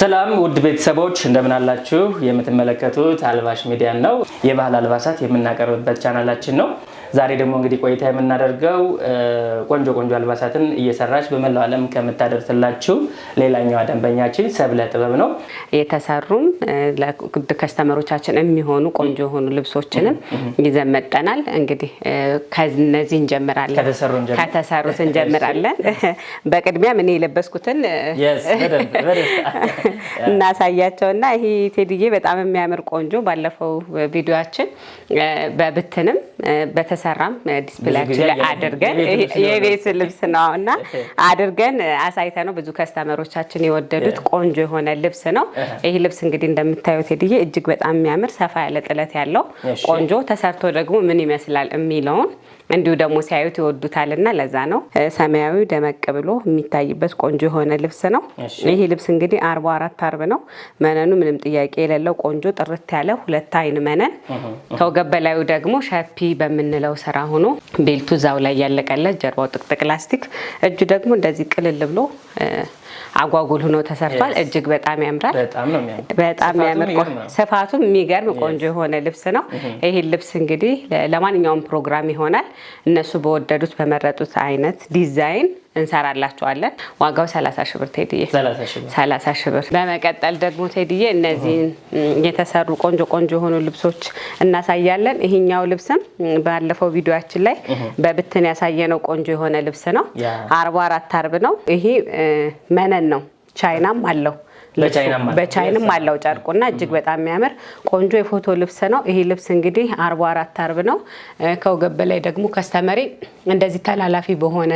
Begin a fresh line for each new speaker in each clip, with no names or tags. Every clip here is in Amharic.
ሰላም ውድ ቤተሰቦች እንደምን አላችሁ? የምትመለከቱት አልባሽ ሚዲያን ነው። የባህል አልባሳት የምናቀርብበት ቻናላችን ነው። ዛሬ ደግሞ እንግዲህ ቆይታ የምናደርገው ቆንጆ ቆንጆ አልባሳትን እየሰራች በመላው ዓለም ከምታደርስላችሁ ሌላኛዋ ደንበኛችን ሰብለ ጥበብ ነው። የተሰሩም ከስተመሮቻችን የሚሆኑ ቆንጆ የሆኑ ልብሶችንም ይዘን መጠናል። እንግዲህ ከነዚህ እንጀምራለን፣ ከተሰሩት እንጀምራለን። በቅድሚያ እኔ የለበስኩትን እናሳያቸውና ይሄ ቴድዬ በጣም የሚያምር ቆንጆ ባለፈው ቪዲዮችን በብትንም በተሰራም ዲስፕላያችን ላይ አድርገን የቤት ልብስ ነው እና አድርገን አሳይተ ነው ብዙ ከስተመሮቻችን የወደዱት ቆንጆ የሆነ ልብስ ነው። ይህ ልብስ እንግዲህ እንደምታዩት ሄድዬ እጅግ በጣም የሚያምር ሰፋ ያለ ጥለት ያለው ቆንጆ ተሰርቶ ደግሞ ምን ይመስላል የሚለውን እንዲሁ ደግሞ ሲያዩት ይወዱታልና ለዛ ነው ሰማያዊ ደመቅ ብሎ የሚታይበት ቆንጆ የሆነ ልብስ ነው። ይሄ ልብስ እንግዲህ አርባ አራት አርብ ነው። መነኑ ምንም ጥያቄ የሌለው ቆንጆ ጥርት ያለ ሁለት አይን መነን ከወገብ በላዩ ደግሞ ሸፒ በምንለው ስራ ሆኖ ቤልቱ ዛው ላይ ያለቀለት፣ ጀርባው ጥቅጥቅ ላስቲክ፣ እጁ ደግሞ እንደዚህ ቅልል ብሎ አጓጉል ሆኖ ተሰርቷል። እጅግ በጣም ያምራል። በጣም ያምር ስፋቱም የሚገርም ቆንጆ የሆነ ልብስ ነው። ይህን ልብስ እንግዲህ ለማንኛውም ፕሮግራም ይሆናል። እነሱ በወደዱት በመረጡት አይነት ዲዛይን እንሰራላቸዋለን። ዋጋው 30 ሺህ ብር ቴድዬ፣ 30 ሺህ ብር። በመቀጠል ደግሞ ቴድዬ እነዚህን የተሰሩ ቆንጆ ቆንጆ የሆኑ ልብሶች እናሳያለን። ይሄኛው ልብስም ባለፈው ቪዲዮችን ላይ በብትን ያሳየነው ቆንጆ የሆነ ልብስ ነው። አርባ አራት አርብ ነው ይሄ መነን ነው ቻይናም አለው በቻይንም አለው ጨርቁና እጅግ በጣም የሚያምር ቆንጆ የፎቶ ልብስ ነው። ይህ ልብስ እንግዲህ አርባ አራት አርብ ነው። ከወገብ በላይ ደግሞ ከስተመሬ እንደዚህ ተላላፊ በሆነ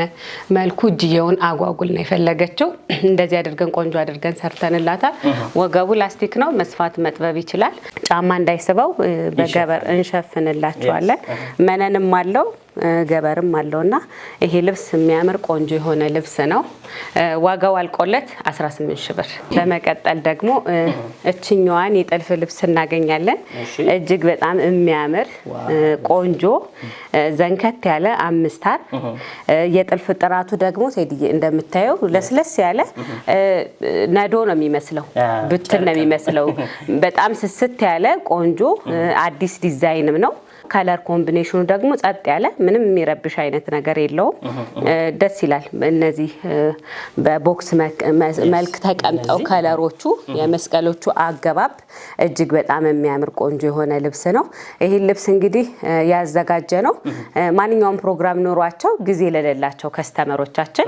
መልኩ እጅየውን አጓጉል ነው የፈለገችው። እንደዚህ አድርገን ቆንጆ አድርገን ሰርተንላታል። ወገቡ ላስቲክ ነው፣ መስፋት መጥበብ ይችላል። ጫማ እንዳይስበው በገበር እንሸፍንላቸዋለን። መነንም አለው ገበርም አለውና ይሄ ልብስ የሚያምር ቆንጆ የሆነ ልብስ ነው። ዋጋው አልቆለት 18 ሺ ብር። በመቀጠል ደግሞ እችኛዋን የጥልፍ ልብስ እናገኛለን። እጅግ በጣም የሚያምር ቆንጆ ዘንከት ያለ አምስታር የጥልፍ ጥራቱ ደግሞ ቴዲዬ እንደምታየው ለስለስ ያለ ነዶ ነው የሚመስለው፣ ብትን ነው የሚመስለው። በጣም ስስት ያለ ቆንጆ አዲስ ዲዛይንም ነው ከለር ኮምቢኔሽኑ ደግሞ ጸጥ ያለ ምንም የሚረብሽ አይነት ነገር የለውም። ደስ ይላል። እነዚህ በቦክስ መልክ ተቀምጠው ከለሮቹ የመስቀሎቹ አገባብ እጅግ በጣም የሚያምር ቆንጆ የሆነ ልብስ ነው። ይህን ልብስ እንግዲህ ያዘጋጀ ነው ማንኛውም ፕሮግራም ኖሯቸው ጊዜ ለሌላቸው ከስተመሮቻችን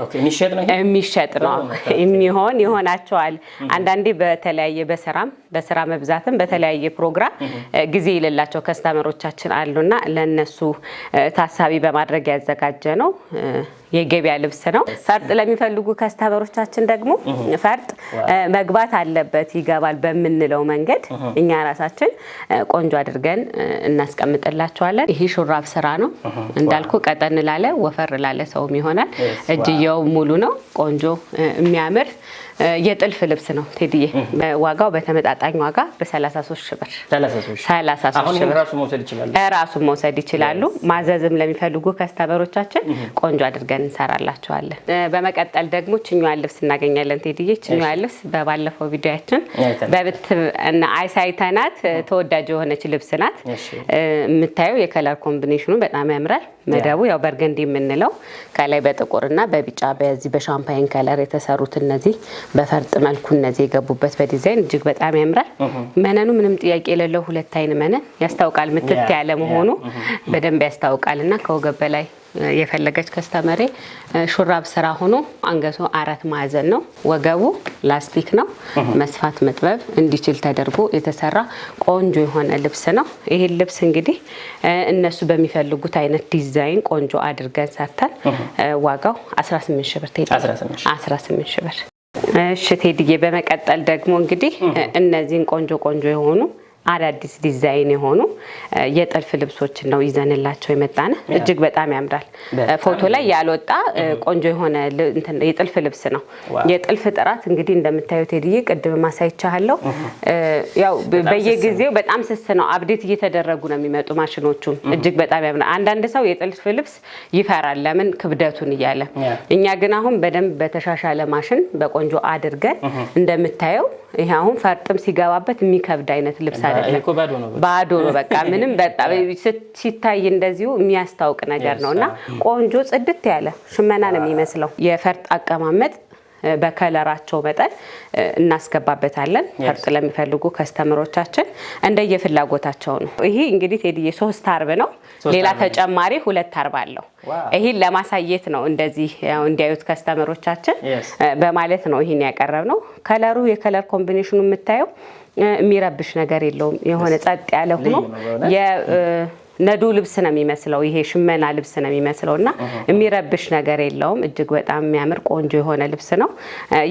የሚሸጥ ነው የሚሆን ይሆናቸዋል። አንዳንዴ በተለያየ በስራም በስራ መብዛትም በተለያየ ፕሮግራም ጊዜ የሌላቸው ከስተመሮቻችን አለ አሉና ለነሱ ታሳቢ በማድረግ ያዘጋጀ ነው። የገበያ ልብስ ነው። ፈርጥ ለሚፈልጉ ከስተመሮቻችን ደግሞ ፈርጥ መግባት አለበት ይገባል በምንለው መንገድ እኛ ራሳችን ቆንጆ አድርገን እናስቀምጥላቸዋለን። ይሄ ሹራብ ስራ ነው እንዳልኩ፣ ቀጠን ላለ ወፈር ላለ ሰውም ይሆናል። እጅየው ሙሉ ነው። ቆንጆ የሚያምር የጥልፍ ልብስ ነው ቴዲዬ። ዋጋው በተመጣጣኝ ዋጋ በ33 ሺህ ብር ራሱ መውሰድ ይችላሉ። ማዘዝም ለሚፈልጉ ከስተመሮቻችን ቆንጆ አድርገን አድርገን እንሰራላቸዋለን። በመቀጠል ደግሞ ችኛዋን ልብስ እናገኛለን። ቴዲዬ ችኛዋን ልብስ በባለፈው ቪዲዮያችን በብት እና አይሳይተናት ተወዳጅ የሆነች ልብስ ናት። የምታየው የከለር ኮምቢኔሽኑ በጣም ያምራል። መደቡ ያው በርገንዲ የምንለው ከላይ በጥቁርና በቢጫ በዚህ በሻምፓይን ከለር የተሰሩት እነዚህ በፈርጥ መልኩ እነዚህ የገቡበት በዲዛይን እጅግ በጣም ያምራል። መነኑ ምንም ጥያቄ የሌለው ሁለት አይን መነን ያስታውቃል። ምትት ያለ መሆኑ በደንብ ያስታውቃል እና ከወገብ በላይ የፈለገች ከስተመሬ ሹራብ ስራ ሆኖ አንገቱ አራት ማዕዘን ነው፣ ወገቡ ላስቲክ ነው። መስፋት መጥበብ እንዲችል ተደርጎ የተሰራ ቆንጆ የሆነ ልብስ ነው። ይህን ልብስ እንግዲህ እነሱ በሚፈልጉት አይነት ዲዛይን ቆንጆ አድርገን ሰርተን ዋጋው 18 ሺህ ብር 18 ብር። እሺ ቴድዬ፣ በመቀጠል ደግሞ እንግዲህ እነዚህን ቆንጆ ቆንጆ የሆኑ አዳዲስ ዲዛይን የሆኑ የጥልፍ ልብሶችን ነው ይዘንላቸው የመጣነ። እጅግ በጣም ያምራል። ፎቶ ላይ ያልወጣ ቆንጆ የሆነ የጥልፍ ልብስ ነው። የጥልፍ ጥራት እንግዲህ እንደምታዩት ቴዲዬ፣ ቅድም ማሳይቻለሁ። ያው በየጊዜው በጣም ስስ ነው፣ አብዴት እየተደረጉ ነው የሚመጡ ማሽኖቹም። እጅግ በጣም ያምራል። አንዳንድ ሰው የጥልፍ ልብስ ይፈራል፣ ለምን ክብደቱን እያለ። እኛ ግን አሁን በደንብ በተሻሻለ ማሽን በቆንጆ አድርገን እንደምታየው ይሄ አሁን ፈርጥም ሲገባበት የሚከብድ አይነት ልብስ
አይደለም፣
ባዶ ነው በቃ ምንም። በጣም ሲታይ እንደዚሁ የሚያስታውቅ ነገር ነው እና ቆንጆ ጽድት ያለ ሽመና ነው የሚመስለው። የፈርጥ አቀማመጥ በከለራቸው መጠን እናስገባበታለን። ፈርጥ ለሚፈልጉ ከስተምሮቻችን እንደየፍላጎታቸው ነው። ይሄ እንግዲህ ቴዲዬ ሶስት አርብ ነው። ሌላ ተጨማሪ ሁለት አርብ አለው። ይህን ለማሳየት ነው እንደዚህ እንዲያዩት ከስተምሮቻችን በማለት ነው ይህን ያቀረብ ነው። ከለሩ የከለር ኮምቢኔሽኑ የምታየው የሚረብሽ ነገር የለውም። የሆነ ጸጥ ያለ ሆኖ ነዱ ልብስ ነው የሚመስለው። ይሄ ሽመና ልብስ ነው የሚመስለው እና የሚረብሽ ነገር የለውም። እጅግ በጣም የሚያምር ቆንጆ የሆነ ልብስ ነው።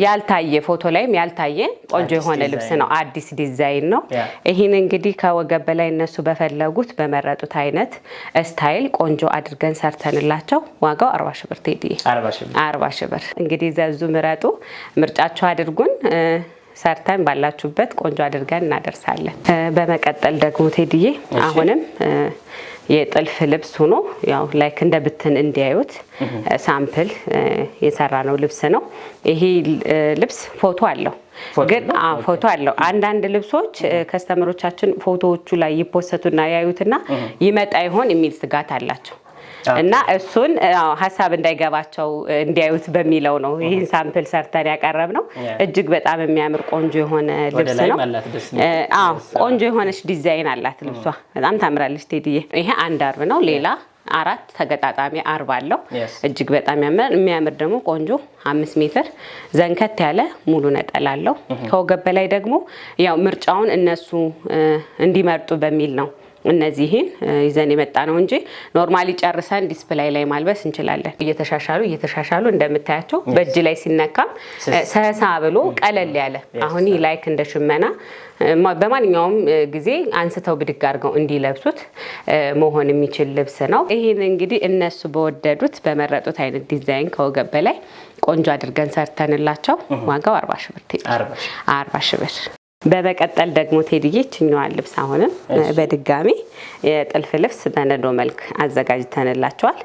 ያልታየ ፎቶ ላይም ያልታየ ቆንጆ የሆነ ልብስ ነው። አዲስ ዲዛይን ነው። ይህን እንግዲህ ከወገብ በላይ እነሱ በፈለጉት በመረጡት አይነት ስታይል ቆንጆ አድርገን ሰርተንላቸው ዋጋው አርባ ሺህ ብር ቴዲ፣ አርባ ሺህ ብር እንግዲህ ዘዙ፣ ምረጡ፣ ምርጫቸው አድርጉን። ሰርተን ባላችሁበት ቆንጆ አድርገን እናደርሳለን። በመቀጠል ደግሞ ቴድዬ አሁንም የጥልፍ ልብስ ሆኖ ያው ላይክ እንደ ብትን እንዲያዩት ሳምፕል የሰራ ነው ልብስ ነው። ይሄ ልብስ ፎቶ አለው ግን ፎቶ አለው። አንዳንድ ልብሶች ከስተመሮቻችን ፎቶዎቹ ላይ ይፖሰቱና ያዩትና ይመጣ ይሆን የሚል ስጋት አላቸው። እና እሱን ሀሳብ እንዳይገባቸው እንዲያዩት በሚለው ነው ይህን ሳምፕል ሰርተን ያቀረብ ነው። እጅግ በጣም የሚያምር ቆንጆ የሆነ ልብስ ነው። ቆንጆ የሆነች ዲዛይን አላት ልብሷ፣ በጣም ታምራለች ቴድዬ። ይሄ አንድ አርብ ነው። ሌላ አራት ተገጣጣሚ አርብ አለው። እጅግ በጣም ያምር የሚያምር ደግሞ ቆንጆ አምስት ሜትር ዘንከት ያለ ሙሉ ነጠላ አለው። ከወገብ በላይ ደግሞ ያው ምርጫውን እነሱ እንዲመርጡ በሚል ነው እነዚህን ይዘን የመጣ ነው እንጂ ኖርማሊ ጨርሰን ዲስፕላይ ላይ ማልበስ እንችላለን። እየተሻሻሉ እየተሻሻሉ እንደምታያቸው በእጅ ላይ ሲነካም ሰሳ ብሎ ቀለል ያለ አሁን ላይክ እንደ ሽመና በማንኛውም ጊዜ አንስተው ብድግ አድርገው እንዲለብሱት መሆን የሚችል ልብስ ነው። ይህን እንግዲህ እነሱ በወደዱት በመረጡት አይነት ዲዛይን ከወገብ በላይ ቆንጆ አድርገን ሰርተንላቸው ዋጋው አርባ ሺህ ብር አርባ ሺህ ብር በመቀጠል ደግሞ ቴድዬ ችኛዋን ልብስ አሁንም በድጋሚ የጥልፍ ልብስ በነዶ መልክ አዘጋጅተንላቸዋል።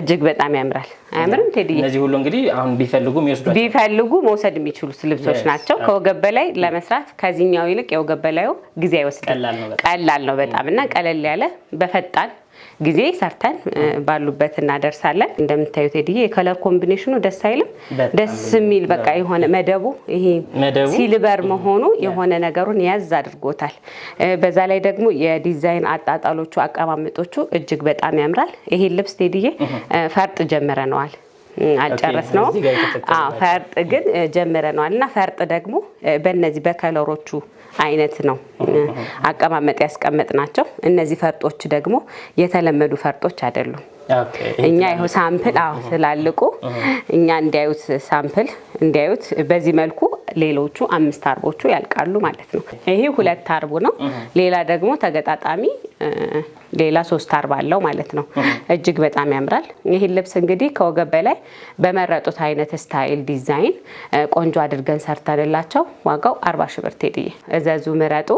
እጅግ በጣም ያምራል። አያምርም ቴድዬ?
እነዚህ ሁሉ እንግዲህ አሁን ቢፈልጉ
ቢፈልጉ መውሰድ የሚችሉት ልብሶች ናቸው። ከወገብ በላይ ለመስራት ከዚህኛው ይልቅ የወገብ በላዩ ጊዜ አይወስድም፣ ቀላል ነው በጣም እና ቀለል ያለ በፈጣን ጊዜ ሰርተን ባሉበት እናደርሳለን። እንደምታዩት ቴድዬ የከለር ኮምቢኔሽኑ ደስ አይልም? ደስ የሚል በቃ የሆነ መደቡ ይሄ ሲልበር መሆኑ የሆነ ነገሩን ያዝ አድርጎታል። በዛ ላይ ደግሞ የዲዛይን አጣጣሎቹ አቀማመጦቹ እጅግ በጣም ያምራል። ይሄን ልብስ ቴድዬ ፈርጥ ጀምረነዋል። አልጨረስ ነው። ፈርጥ ግን ጀምረነዋል እና ፈርጥ ደግሞ በእነዚህ በከለሮቹ አይነት ነው አቀማመጥ ያስቀመጥ ናቸው። እነዚህ ፈርጦች ደግሞ የተለመዱ ፈርጦች አይደሉም። እኛ ይኸው ሳምፕል አዎ፣ ስላልቁ እኛ እንዲያዩት ሳምፕል እንዲያዩት በዚህ መልኩ ሌሎቹ አምስት አርቦቹ ያልቃሉ ማለት ነው። ይሄ ሁለት አርቡ ነው። ሌላ ደግሞ ተገጣጣሚ ሌላ ሶስት አርባ አለው ማለት ነው። እጅግ በጣም ያምራል። ይህን ልብስ እንግዲህ ከወገብ በላይ በመረጡት አይነት ስታይል ዲዛይን ቆንጆ አድርገን ሰርተንላቸው ዋጋው አርባ ሺ ብር ቴድዬ፣ እዘዙ፣ ምረጡ።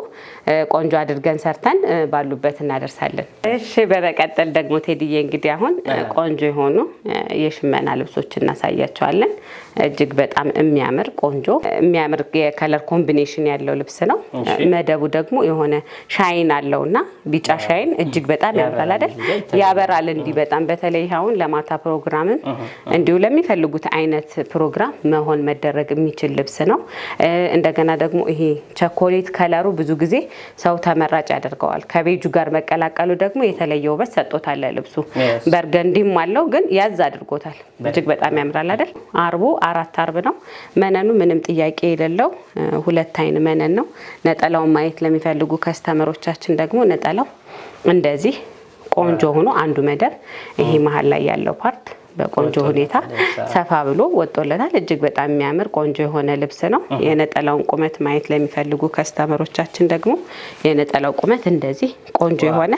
ቆንጆ አድርገን ሰርተን ባሉበት እናደርሳለን። እሺ፣ በመቀጠል ደግሞ ቴድዬ እንግዲህ አሁን ቆንጆ የሆኑ የሽመና ልብሶች እናሳያቸዋለን። እጅግ በጣም የሚያምር ቆንጆ የሚያምር የከለር ኮምቢኔሽን ያለው ልብስ ነው። መደቡ ደግሞ የሆነ ሻይን አለውና ቢጫ ሻይን እጅግ እጅግ በጣም ያበራል አይደል? ያበራል እንዲህ በጣም በተለይ አሁን ለማታ ፕሮግራምም እንዲሁ ለሚፈልጉት አይነት ፕሮግራም መሆን መደረግ የሚችል ልብስ ነው። እንደገና ደግሞ ይሄ ቸኮሌት ከለሩ ብዙ ጊዜ ሰው ተመራጭ ያደርገዋል። ከቤጁ ጋር መቀላቀሉ ደግሞ የተለየ ውበት ሰጥቶታል ለልብሱ። በርገንዲም አለው ግን ያዝ አድርጎታል። እጅግ በጣም ያምራል አይደል? አርቡ አራት አርብ ነው። መነኑ ምንም ጥያቄ የሌለው ሁለት አይን መነን ነው። ነጠላውን ማየት ለሚፈልጉ ከስተመሮቻችን ደግሞ ነጠላው እንደዚህ ቆንጆ ሆኖ አንዱ መደብ ይሄ መሀል ላይ ያለው ፓርት በቆንጆ ሁኔታ ሰፋ ብሎ ወጦለታል። እጅግ በጣም የሚያምር ቆንጆ የሆነ ልብስ ነው። የነጠላውን ቁመት ማየት ለሚፈልጉ ከስተመሮቻችን ደግሞ የነጠላው ቁመት እንደዚህ ቆንጆ የሆነ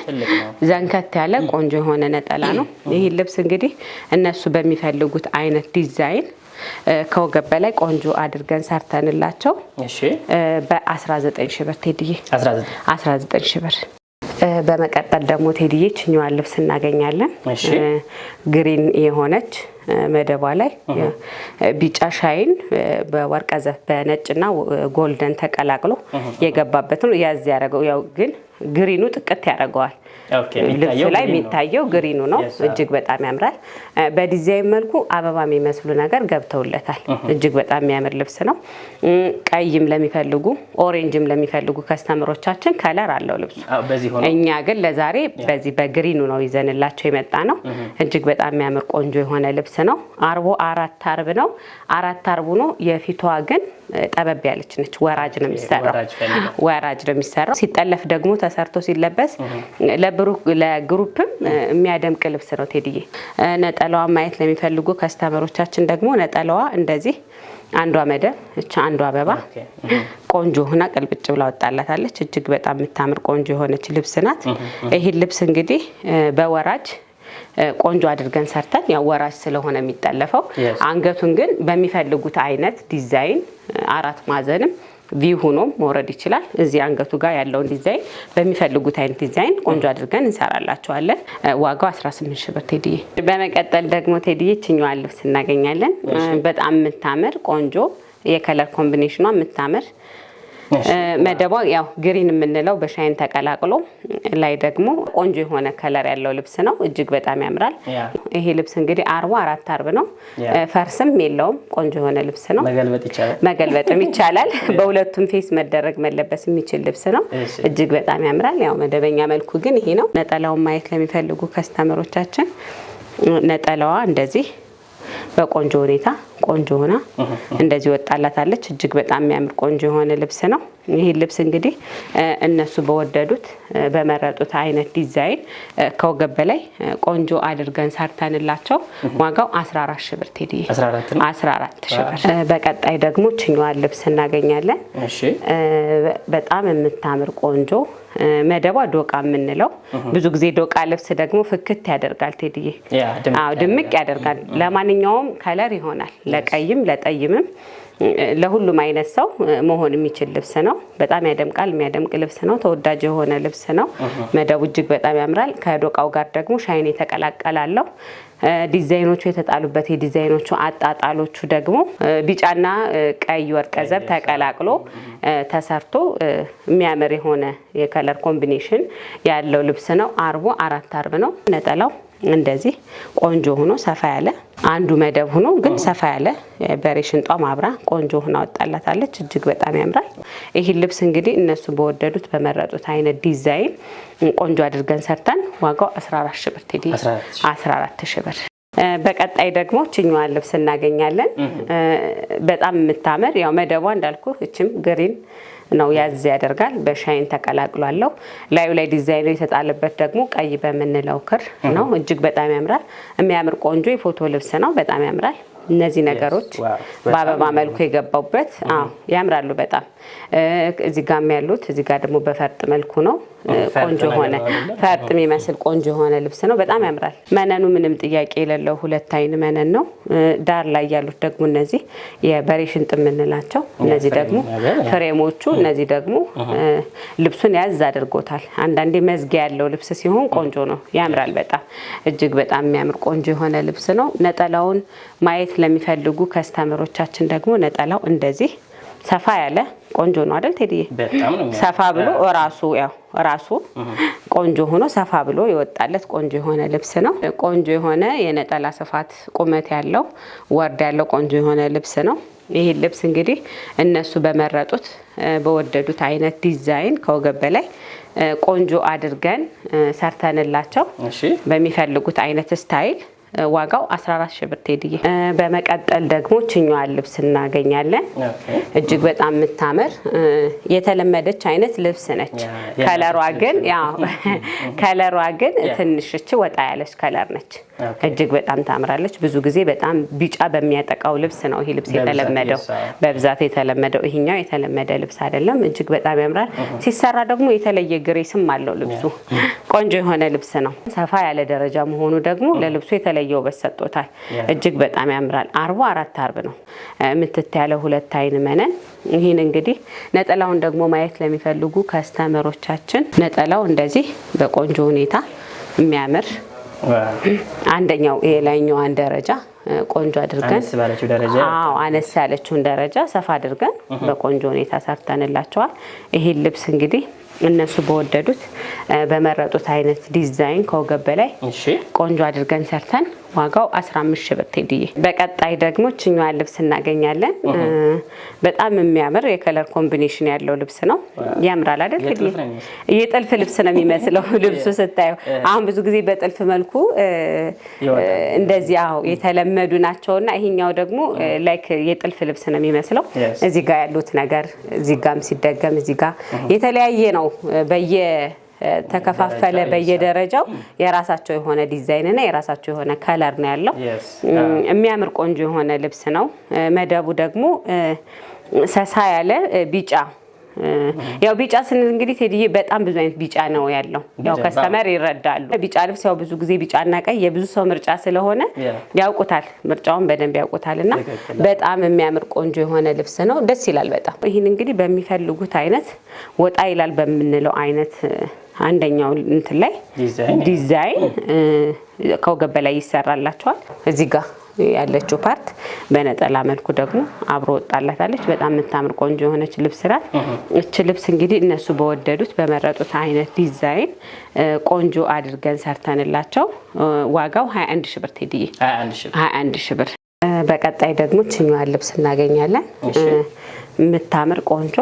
ዘንከት ያለ ቆንጆ የሆነ ነጠላ ነው። ይህ ልብስ እንግዲህ እነሱ በሚፈልጉት አይነት ዲዛይን ከወገብ በላይ ቆንጆ አድርገን ሰርተንላቸው በ19 ሽብር ብር ቴድዬ
19 ሺህ ብር
በመቀጠል ደግሞ ቴዲዬ ችኛዋን ልብስ እናገኛለን። ግሪን የሆነች መደቧ ላይ ቢጫ ሻይን በወርቀ ዘፍ በነጭና ጎልደን ተቀላቅሎ የገባበት ነው። ያዝ ያደረገው ያው ግን ግሪኑ ጥቅት ያደርገዋል። ልብሱ ላይ የሚታየው ግሪኑ ነው። እጅግ በጣም ያምራል። በዲዛይን መልኩ አበባ የሚመስሉ ነገር ገብተውለታል። እጅግ በጣም የሚያምር ልብስ ነው። ቀይም ለሚፈልጉ ኦሬንጅም ለሚፈልጉ ከስተምሮቻችን ከለር አለው ልብሱ። እኛ ግን ለዛሬ በዚህ በግሪኑ ነው ይዘንላቸው የመጣ ነው። እጅግ በጣም የሚያምር ቆንጆ የሆነ ልብስ ነው። አርቦ አራት አርብ ነው። አራት አርቡ ነው የፊቷ ግን ጠበብ ያለች ነች። ወራጅ ነው የሚሰራው፣ ወራጅ ነው የሚሰራው። ሲጠለፍ ደግሞ ተሰርቶ ሲለበስ ለግሩፕም የሚያደምቅ ልብስ ነው ቴዲዬ። ነጠላዋ ማየት ለሚፈልጉ ከስተመሮቻችን ደግሞ ነጠላዋ እንደዚህ አንዷ መደብ እቺ አንዷ አበባ ቆንጆ ሆና ቅልብጭ ብላ ወጣላታለች። እጅግ በጣም የምታምር ቆንጆ የሆነች ልብስ ናት። ይህን ልብስ እንግዲህ በወራጅ ቆንጆ አድርገን ሰርተን ያው ወራጅ ስለሆነ የሚጠለፈው አንገቱን ግን በሚፈልጉት አይነት ዲዛይን አራት ማዕዘንም ቪ ሆኖም መውረድ ይችላል። እዚህ አንገቱ ጋር ያለውን ዲዛይን በሚፈልጉት አይነት ዲዛይን ቆንጆ አድርገን እንሰራላቸዋለን። ዋጋው 18 ሺ ብር ቴዲዬ። በመቀጠል ደግሞ ቴዲዬ ችኛዋ ልብስ እናገኛለን። በጣም የምታምር ቆንጆ የከለር ኮምቢኔሽኗ የምታምር መደቧ ያው ግሪን የምንለው በሻይን ተቀላቅሎ ላይ ደግሞ ቆንጆ የሆነ ከለር ያለው ልብስ ነው። እጅግ በጣም ያምራል። ይሄ ልብስ እንግዲህ አርቧ አራት አርብ ነው። ፈርስም የለውም። ቆንጆ የሆነ ልብስ ነው። መገልበጥም ይቻላል። በሁለቱም ፌስ መደረግ መለበስ የሚችል ልብስ ነው። እጅግ በጣም ያምራል። ያው መደበኛ መልኩ ግን ይሄ ነው። ነጠላውን ማየት ለሚፈልጉ ከስተመሮቻችን ነጠላዋ እንደዚህ በቆንጆ ሁኔታ ቆንጆ ሆና እንደዚህ ወጣላታለች። እጅግ በጣም የሚያምር ቆንጆ የሆነ ልብስ ነው። ይህ ልብስ እንግዲህ እነሱ በወደዱት በመረጡት አይነት ዲዛይን ከወገብ በላይ ቆንጆ አድርገን ሰርተንላቸው ዋጋው 14 ሺህ ብር ቴዲ 14 ሺህ ብር። በቀጣይ ደግሞ ችኛዋን ልብስ እናገኛለን። በጣም የምታምር ቆንጆ መደቧ ዶቃ የምንለው ብዙ ጊዜ ዶቃ ልብስ ደግሞ ፍክት ያደርጋል ቴዲዬ፣ ድምቅ ያደርጋል። ለማንኛውም ከለር ይሆናል ለቀይም ለጠይምም ለሁሉም አይነት ሰው መሆን የሚችል ልብስ ነው። በጣም ያደምቃል። የሚያደምቅ ልብስ ነው። ተወዳጅ የሆነ ልብስ ነው። መደቡ እጅግ በጣም ያምራል። ከዶቃው ጋር ደግሞ ሻይን የተቀላቀላለው ዲዛይኖቹ የተጣሉበት የዲዛይኖቹ አጣጣሎቹ ደግሞ ቢጫና ቀይ ዘብ ተቀላቅሎ ተሰርቶ የሚያምር የሆነ የከለር ኮምቢኔሽን ያለው ልብስ ነው። አርቦ አራት አርብ ነው ነጠላው እንደዚህ ቆንጆ ሆኖ ሰፋ ያለ አንዱ መደብ ሆኖ ግን ሰፋ ያለ በሬ ሽንጧ ማብራ ቆንጆ ሆና ወጣላታለች። እጅግ በጣም ያምራል። ይህን ልብስ እንግዲህ እነሱ በወደዱት በመረጡት አይነት ዲዛይን ቆንጆ አድርገን ሰርተን ዋጋው 14 ሺ ብር ቴዲ 14 ሺ ብር በቀጣይ ደግሞ ችኛዋን ልብስ እናገኛለን። በጣም የምታምር ያው መደቧ እንዳልኩ እችም ግሪን ነው ያዝ ያደርጋል። በሻይን ተቀላቅሏለሁ። ላዩ ላይ ዲዛይኑ የተጣለበት ደግሞ ቀይ በምንለው ክር ነው። እጅግ በጣም ያምራል። የሚያምር ቆንጆ የፎቶ ልብስ ነው። በጣም ያምራል። እነዚህ ነገሮች በአበባ መልኩ የገባውበት ያምራሉ በጣም እዚህ ጋም ያሉት እዚህ ጋር ደግሞ በፈርጥ መልኩ ነው። ቆንጆ ሆነ ፈርጥ የሚመስል ቆንጆ የሆነ ልብስ ነው። በጣም ያምራል። መነኑ ምንም ጥያቄ የሌለው ሁለት አይን መነን ነው። ዳር ላይ ያሉት ደግሞ እነዚህ የበሬ ሽንጥ የምንላቸው እነዚህ ደግሞ ፍሬሞቹ፣ እነዚህ ደግሞ ልብሱን ያዝ አድርጎታል። አንዳንዴ መዝጊያ ያለው ልብስ ሲሆን ቆንጆ ነው፣ ያምራል። በጣም እጅግ በጣም የሚያምር ቆንጆ የሆነ ልብስ ነው። ነጠላውን ማየት ለሚፈልጉ ከስተምሮቻችን ደግሞ ነጠላው እንደዚህ ሰፋ ያለ ቆንጆ ነው አይደል ቴዲዬ? ሰፋ ብሎ ራሱ ያው ራሱ ቆንጆ ሆኖ ሰፋ ብሎ የወጣለት ቆንጆ የሆነ ልብስ ነው። ቆንጆ የሆነ የነጠላ ስፋት ቁመት ያለው ወርድ ያለው ቆንጆ የሆነ ልብስ ነው። ይህ ልብስ እንግዲህ እነሱ በመረጡት በወደዱት አይነት ዲዛይን ከወገብ በላይ ቆንጆ አድርገን ሰርተንላቸው በሚፈልጉት አይነት ስታይል ዋጋው 14 ሺህ ብር ቴድዬ። በመቀጠል ደግሞ ችኛዋን ልብስ እናገኛለን። እጅግ በጣም የምታምር የተለመደች አይነት ልብስ ነች። ከለሯ ግን ያው ከለሯ ግን ትንሽች ወጣ ያለች ከለር ነች። እጅግ በጣም ታምራለች። ብዙ ጊዜ በጣም ቢጫ በሚያጠቃው ልብስ ነው ይሄ ልብስ የተለመደው በብዛት የተለመደው። ይሄኛው የተለመደ ልብስ አይደለም። እጅግ በጣም ያምራል። ሲሰራ ደግሞ የተለየ ግሬስም አለው ልብሱ። ቆንጆ የሆነ ልብስ ነው። ሰፋ ያለ ደረጃ መሆኑ ደግሞ ለልብሱ የተለየ የተለየ ውበት ሰጥቶታል። እጅግ በጣም ያምራል። አርቡ አራት አርብ ነው ምትት ሁለት አይን መነን። ይህን እንግዲህ ነጠላውን ደግሞ ማየት ለሚፈልጉ ከስተመሮቻችን ነጠላው እንደዚህ በቆንጆ ሁኔታ የሚያምር አንደኛው የላይኛዋን ደረጃ ቆንጆ አድርገን አዎ አነስ ያለችውን ደረጃ ሰፋ አድርገን uh-huh. በቆንጆ ሁኔታ ሰርተንላቸዋል። ይህን ልብስ እንግዲህ እነሱ በወደዱት በመረጡት አይነት ዲዛይን ከወገብ በላይ ቆንጆ አድርገን ሰርተን ዋጋው 15 ሺህ ብር ቴዲዬ። በቀጣይ ደግሞ ችኛዋን ልብስ እናገኛለን። በጣም የሚያምር የከለር ኮምቢኔሽን ያለው ልብስ ነው። ያምራል አይደል?
የጥልፍ ልብስ ነው የሚመስለው
ልብሱ ስታየው። አሁን ብዙ ጊዜ በጥልፍ መልኩ እንደዚያ የተለመዱ የተለመዱ ናቸውና ይሄኛው ደግሞ ላይክ የጥልፍ ልብስ ነው የሚመስለው። እዚህ ጋር ያሉት ነገር እዚህ ጋም ሲደገም እዚህ ጋር የተለያየ ነው በየ ተከፋፈለ በየደረጃው የራሳቸው የሆነ ዲዛይን እና የራሳቸው የሆነ ከለር ነው ያለው። የሚያምር ቆንጆ የሆነ ልብስ ነው። መደቡ ደግሞ ሰሳ ያለ ቢጫ ያው ቢጫ ስንል እንግዲህ ቴዲዬ በጣም ብዙ አይነት ቢጫ ነው ያለው። ያው ከስተመር ይረዳሉ። ቢጫ ልብስ ያው ብዙ ጊዜ ቢጫና ቀይ የብዙ ሰው ምርጫ ስለሆነ ያውቁታል፣ ምርጫውን በደንብ ያውቁታል። እና በጣም የሚያምር ቆንጆ የሆነ ልብስ ነው። ደስ ይላል በጣም። ይህን እንግዲህ በሚፈልጉት አይነት ወጣ ይላል በምንለው አይነት አንደኛው እንትን ላይ ዲዛይን ከወገብ በላይ ይሰራላቸዋል። እዚህ ጋር ያለችው ፓርት በነጠላ መልኩ ደግሞ አብሮ ወጣላታለች። በጣም የምታምር ቆንጆ የሆነች ልብስ ናት። እች ልብስ እንግዲህ እነሱ በወደዱት በመረጡት አይነት ዲዛይን ቆንጆ አድርገን ሰርተንላቸው ዋጋው 21 ሺ ብር ቴድዬ
21
ሺ ብር። በቀጣይ ደግሞ ችኛዋን ልብስ እናገኛለን። የምታምር ቆንጆ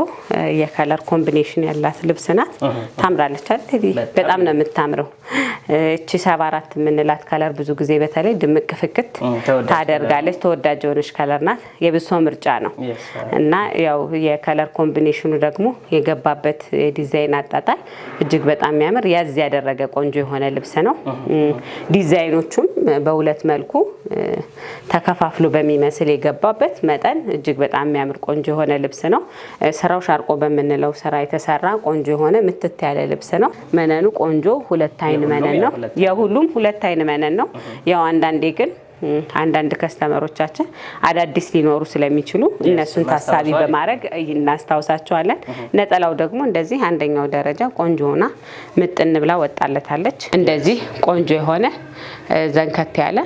የከለር ኮምቢኔሽን ያላት ልብስ ናት። ታምራለች አይደል? በጣም ነው የምታምረው። እቺ ሰባ አራት የምንላት ከለር ብዙ ጊዜ በተለይ ድምቅ ፍክት ታደርጋለች። ተወዳጅ የሆነች ከለር ናት። የብሶ ምርጫ ነው እና ያው የከለር ኮምቢኔሽኑ ደግሞ የገባበት የዲዛይን አጣጣል እጅግ በጣም የሚያምር ያዝ ያደረገ ቆንጆ የሆነ ልብስ ነው። ዲዛይኖቹም በሁለት መልኩ ተከፋፍሎ በሚመስል የገባበት መጠን እጅግ በጣም የሚያምር ቆንጆ የሆነ ልብስ ነው። ስራው ሻርቆ በምንለው ስራ የተሰራ ቆንጆ የሆነ ምትት ያለ ልብስ ነው። መነኑ ቆንጆ ሁለት አይን መነን ነው። የሁሉም ሁለት አይን መነን ነው። ያው አንዳንዴ ግን አንዳንድ ከስተመሮቻችን አዳዲስ ሊኖሩ ስለሚችሉ እነሱን ታሳቢ በማድረግ እናስታውሳቸዋለን። ነጠላው ደግሞ እንደዚህ አንደኛው ደረጃ ቆንጆ ሆና ምጥን ብላ ወጣለታለች። እንደዚህ ቆንጆ የሆነ ዘንከት ያለ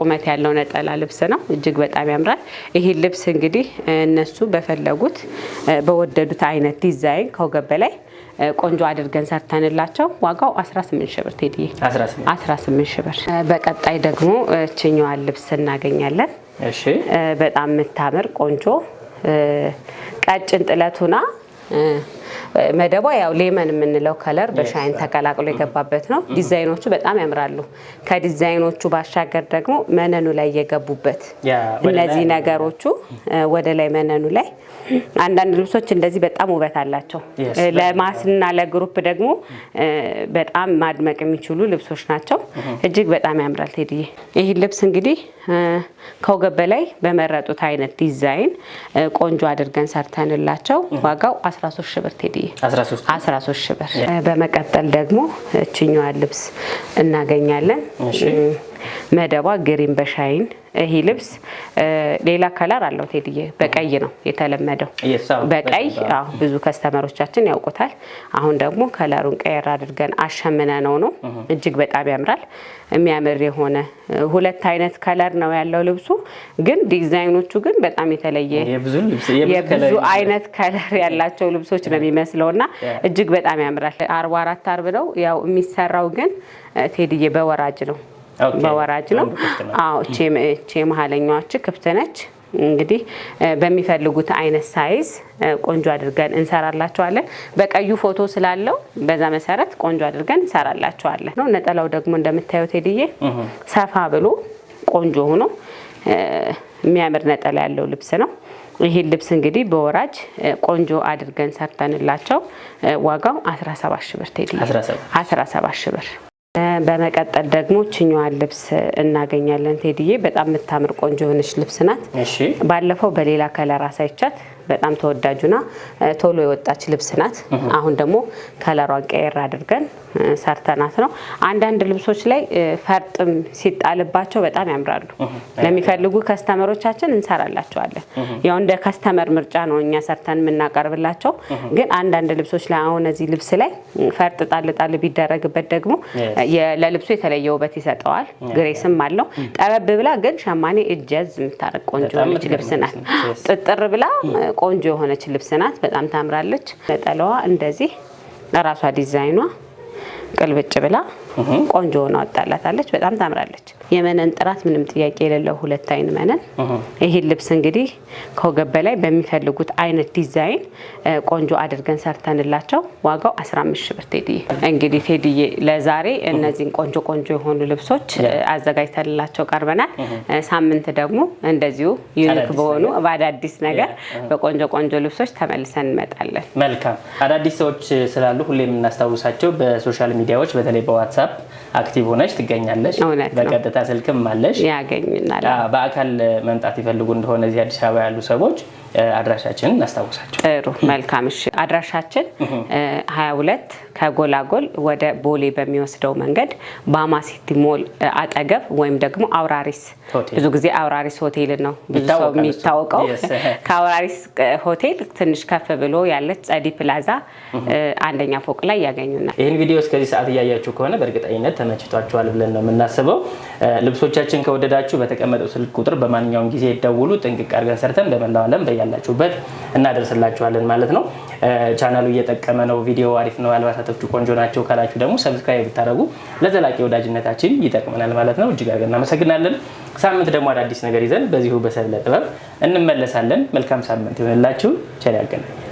ቁመት ያለው ነጠላ ልብስ ነው። እጅግ በጣም ያምራል። ይህ ልብስ እንግዲህ እነሱ በፈለጉት በወደዱት አይነት ዲዛይን ከወገብ በላይ ቆንጆ አድርገን ሰርተንላቸው ዋጋው 18 ሺህ ብር 18 ሺህ ብር። በቀጣይ ደግሞ እችኛዋን ልብስ እናገኛለን። በጣም የምታምር ቆንጆ ቀጭን ጥለቱና መደቧ ያው ሌመን የምንለው ከለር በሻይን ተቀላቅሎ የገባበት ነው። mm-hmm. ዲዛይኖቹ በጣም ያምራሉ። ከዲዛይኖቹ ባሻገር ደግሞ መነኑ ላይ የገቡበት እነዚህ ነገሮቹ mm-hmm. ወደ ላይ መነኑ ላይ አንዳንድ ልብሶች እንደዚህ በጣም ውበት አላቸው። ለማስና ለግሩፕ ደግሞ mm. በጣም ማድመቅ የሚችሉ ልብሶች ናቸው። mm-hmm. እጅግ በጣም ያምራል። ቴድዬ ይህ ልብስ እንግዲህ ከወገብ በላይ በመረጡት አይነት ዲዛይን ቆንጆ አድርገን ሰርተንላቸው mm-hmm. ዋጋው 13 ሺህ ብር
13
ሽብር ብር። በመቀጠል ደግሞ እችኛዋን ልብስ እናገኛለን። መደቧ ግሪን በሻይን ይሄ ልብስ ሌላ ከለር አለው ቴድዬ፣ በቀይ ነው የተለመደው። በቀይ ብዙ ከስተመሮቻችን ያውቁታል። አሁን ደግሞ ከለሩን ቀየር አድርገን አሸምነ ነው ነው እጅግ በጣም ያምራል። የሚያምር የሆነ ሁለት አይነት ከለር ነው ያለው ልብሱ፣ ግን ዲዛይኖቹ ግን በጣም የተለየ የብዙ አይነት ከለር ያላቸው ልብሶች ነው የሚመስለው እና እጅግ በጣም ያምራል። አርባ አራት አርብ ነው ያው የሚሰራው፣ ግን ቴድዬ በወራጅ ነው በወራጅ ነው። አዎ እቺ መሀለኛዋች ክፍት ነች። እንግዲህ በሚፈልጉት አይነት ሳይዝ ቆንጆ አድርገን እንሰራላቸዋለን። በቀዩ ፎቶ ስላለው በዛ መሰረት ቆንጆ አድርገን እንሰራላቸዋለን ነው። ነጠላው ደግሞ እንደምታዩት ቴድዬ ሰፋ ብሎ ቆንጆ ሆኖ የሚያምር ነጠላ ያለው ልብስ ነው። ይህን ልብስ እንግዲህ በወራጅ ቆንጆ አድርገን ሰርተንላቸው ዋጋው 17 ሺህ ብር ቴዲ 17 ሺህ ብር በመቀጠል ደግሞ ችኛዋን ልብስ እናገኛለን። ቴዲዬ በጣም የምታምር ቆንጆ የሆነች ልብስ ናት። ባለፈው በሌላ ከለር አሳይቻት በጣም ተወዳጁና ቶሎ የወጣች ልብስ ናት። አሁን ደግሞ ከለሯን ቀየር አድርገን ሰርተናት ነው። አንዳንድ ልብሶች ላይ ፈርጥም ሲጣልባቸው በጣም ያምራሉ። ለሚፈልጉ ከስተመሮቻችን እንሰራላቸዋለን። ያው እንደ ከስተመር ምርጫ ነው እኛ ሰርተን የምናቀርብላቸው። ግን አንዳንድ ልብሶች ላይ አሁን እዚህ ልብስ ላይ ፈርጥ ጣልጣል ቢደረግበት ደግሞ ለልብሱ የተለየ ውበት ይሰጠዋል። ግሬስም አለው። ጠበብ ብላ ግን ሸማኔ እጀዝ የምታረቅ ቆንጆ ልብስ ናት። ጥጥር ብላ ቆንጆ የሆነች ልብስ ናት። በጣም ታምራለች። ነጠላዋ እንደዚህ ለራሷ ዲዛይኗ ቅልብጭ ብላ ቆንጆ ሆና ወጣላታለች። በጣም ታምራለች። የመነን ጥራት ምንም ጥያቄ የሌለው ሁለት አይን መነን። ይህን ልብስ እንግዲህ ከወገብ በላይ በሚፈልጉት አይነት ዲዛይን ቆንጆ አድርገን ሰርተንላቸው ዋጋው 15 ሺ ብር። ቴዲዬ እንግዲህ ቴዲዬ ለዛሬ እነዚህን ቆንጆ ቆንጆ የሆኑ ልብሶች አዘጋጅተንላቸው ቀርበናል። ሳምንት ደግሞ እንደዚሁ ዩኒክ በሆኑ በአዳዲስ ነገር በቆንጆ ቆንጆ ልብሶች ተመልሰን እንመጣለን።
መልካም አዳዲስ ሰዎች ስላሉ ሁሌ የምናስታውሳቸው በሶሻል ሚዲያዎች በተለይ በዋትሳፕ ዋትሳፕ አክቲቭ ሆነች ትገኛለች። በቀጥታ ስልክም አለሽ
ያገኙናል።
በአካል መምጣት ይፈልጉ እንደሆነ እዚህ አዲስ አበባ ያሉ ሰዎች አድራሻችንን እናስታውሳቸው።
ጥሩ መልካም። እሺ አድራሻችን 22 ከጎላጎል ወደ ቦሌ በሚወስደው መንገድ ሲቲ ሞል አጠገብ ወይም ደግሞ አውራሪስ ብዙ ጊዜ አውራሪስ ሆቴል ነው ብዙ ሰው የሚታወቀው። ከአውራሪስ ሆቴል ትንሽ ከፍ ብሎ ያለች ጸዲ ፕላዛ አንደኛ ፎቅ ላይ ያገኙናል።
ይህን ቪዲዮ እስከዚህ ሰዓት እያያችሁ ከሆነ በእርግጠኝነት ተመችቷችኋል ብለን ነው የምናስበው። ልብሶቻችን ከወደዳችሁ በተቀመጠው ስልክ ቁጥር በማንኛውም ጊዜ ይደውሉ። ጥንቅቅ አድርገን ሰርተን በመላው ዓለም በያላችሁበት እናደርስላችኋለን ማለት ነው። ቻናሉ እየጠቀመ ነው፣ ቪዲዮ አሪፍ ነው፣ አልባሳቶቹ ቆንጆ ናቸው ካላችሁ ደግሞ ሰብስክራይብ ብታደረጉ ለዘላቂ ወዳጅነታችን ይጠቅመናል ማለት ነው። እጅግ አድርገን እናመሰግናለን። ሳምንት ደግሞ አዳዲስ ነገር ይዘን በዚሁ በሰብለ ጥበብ እንመለሳለን። መልካም ሳምንት ይሆንላችሁ። ቸር ያገናኛል።